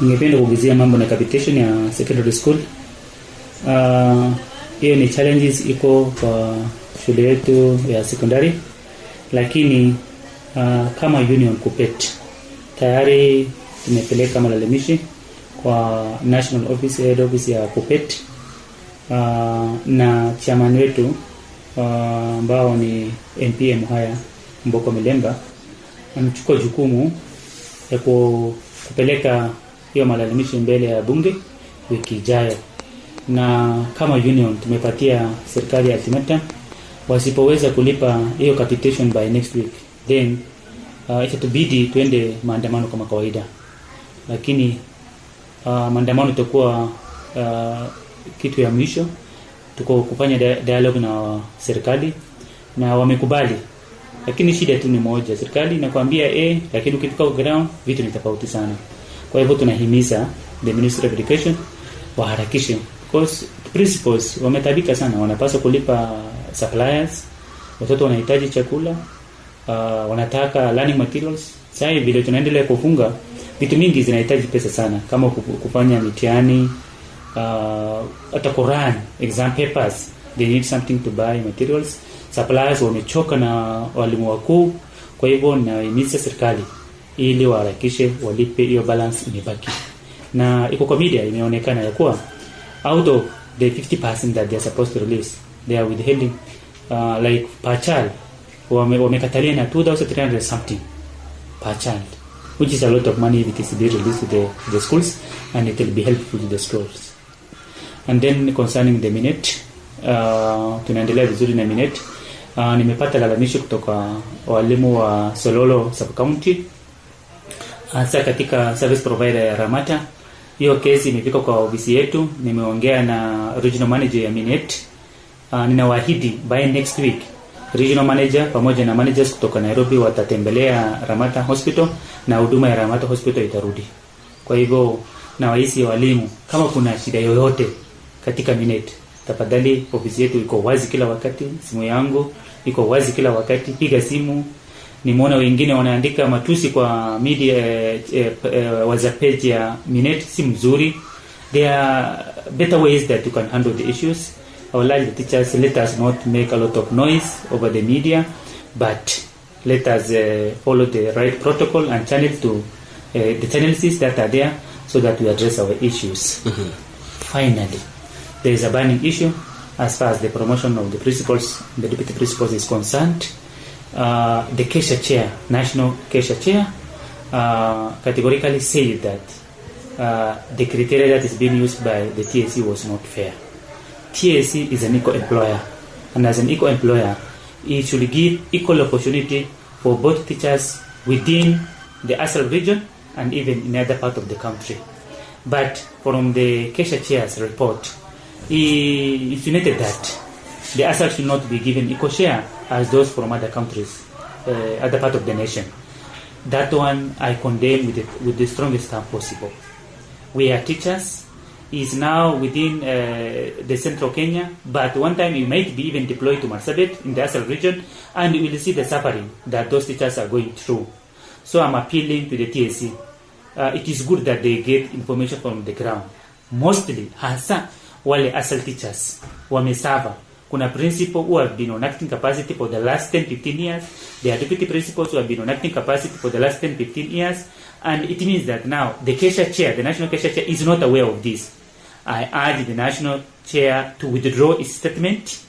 Ningependa kuongezea mambo na capitation ya secondary school. Ah, hiyo uh, ni challenges iko kwa shule yetu ya secondary lakini uh, kama Union kupet tayari tumepeleka malalamishi kwa National Office, Head Office ya kupet uh, na chairman wetu ambao uh, ni MPM haya Mboko Milemba amechukua jukumu ya kupeleka hiyo malalamisho mbele ya bunge wiki ijayo, na kama union tumepatia serikali ya ultimatum, wasipoweza kulipa hiyo capitation by next week then uh, itatubidi tuende maandamano kama kawaida, lakini uh, maandamano itakuwa uh, kitu ya mwisho. Tuko kufanya dialogue na serikali na wamekubali, lakini shida tu ni moja, serikali inakwambia eh, lakini ukifika ground vitu ni tofauti sana. Kwa hivyo tunahimiza the Ministry of Education waharakishe because principals wametabika sana, wanapaswa kulipa suppliers, watoto wanahitaji chakula, uh, wanataka learning materials. Sasa vile tunaendelea kufunga vitu mingi zinahitaji pesa sana, kama kufanya mitihani uh, hata uh, Quran exam papers, they need something to buy materials. Suppliers wamechoka na walimu wakuu, kwa hivyo naimiza serikali ili waharakishe walipe, hiyo balance imebaki. Na iko kwa media imeonekana ya kuwa out of the 50% that they are supposed to release they are withholding uh, like per child wamekatalia na 2300 something per child which is a lot of money if it is be released to the, the schools and it will be helpful to the schools. And then concerning the minute uh, tunaendelea vizuri na minute uh, nimepata lalamisho kutoka walimu wa Sololo sub county hasa katika service provider ya Ramata. Hiyo kesi imefika kwa ofisi yetu, nimeongea na regional manager ya Minet. Uh, ninawaahidi by next week regional manager pamoja na managers kutoka Nairobi watatembelea Ramata Hospital na huduma ya Ramata Hospital itarudi. Kwa hivyo na waisi walimu, kama kuna shida yoyote katika Minet, tafadhali ofisi yetu iko wazi kila wakati, simu yangu iko wazi kila wakati, piga simu nimeona wengine wanaandika matusi kwa media eh, eh, eh, WhatsApp page ya Minet si mzuri. There are better ways that you can handle the issues. Our large teachers, let us not make a lot of noise over the media, but let us uh, follow the right protocol and channel to uh, the tendencies that are there so that we address our issues. Mm -hmm. Finally, there is a burning issue as far as the promotion of the principals, the deputy principals is concerned. Uh, the Kesha chair, national Kesha chair, uh, categorically said that uh, the criteria that is being used by the TSC was not fair. TSC is an equal employer, and as an equal employer, it should give equal opportunity for both teachers within the ASAL region and even in other part of the country. But from the Kesha Chair's report, he insinuated that the assets will not be given equal share as those from other countries, uh, other part of the nation. That one I condemn with the, with the strongest term possible. We are teachers is now within uh, the central Kenya, but one time it might be even deployed to Marsabit in the Asal region, and you will see the suffering that those teachers are going through. So I'm appealing to the TSC. Uh, it is good that they get information from the ground. Mostly, hasa wale asal teachers wamesava kuna principal who have been on acting capacity for the last 10 15 years there deputy principals who have been on acting capacity for the last 10 15 years and it means that now the Kesha chair the national Kesha chair is not aware of this I urge the national chair to withdraw its statement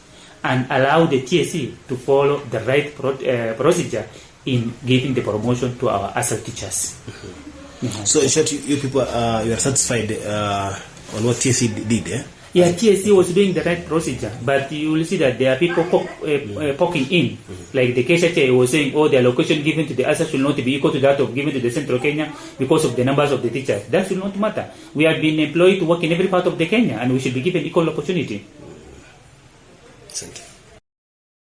and allow the TSC e to follow the right pro uh, procedure in giving the promotion to our ASAL teachers. Mm -hmm. Mm So short, you people uh, you are satisfied uh, on what TSC e did, eh? Yeah, TSC was doing the right procedure, but you will see that there are people poke, uh, uh, poking in. Like the case chair was saying, oh, the allocation given to the ASA should not be equal to that of given to the Central Kenya because of the numbers of the teachers. That should not matter. We have been employed to work in every part of the Kenya, and we should be given equal opportunity. Thank you.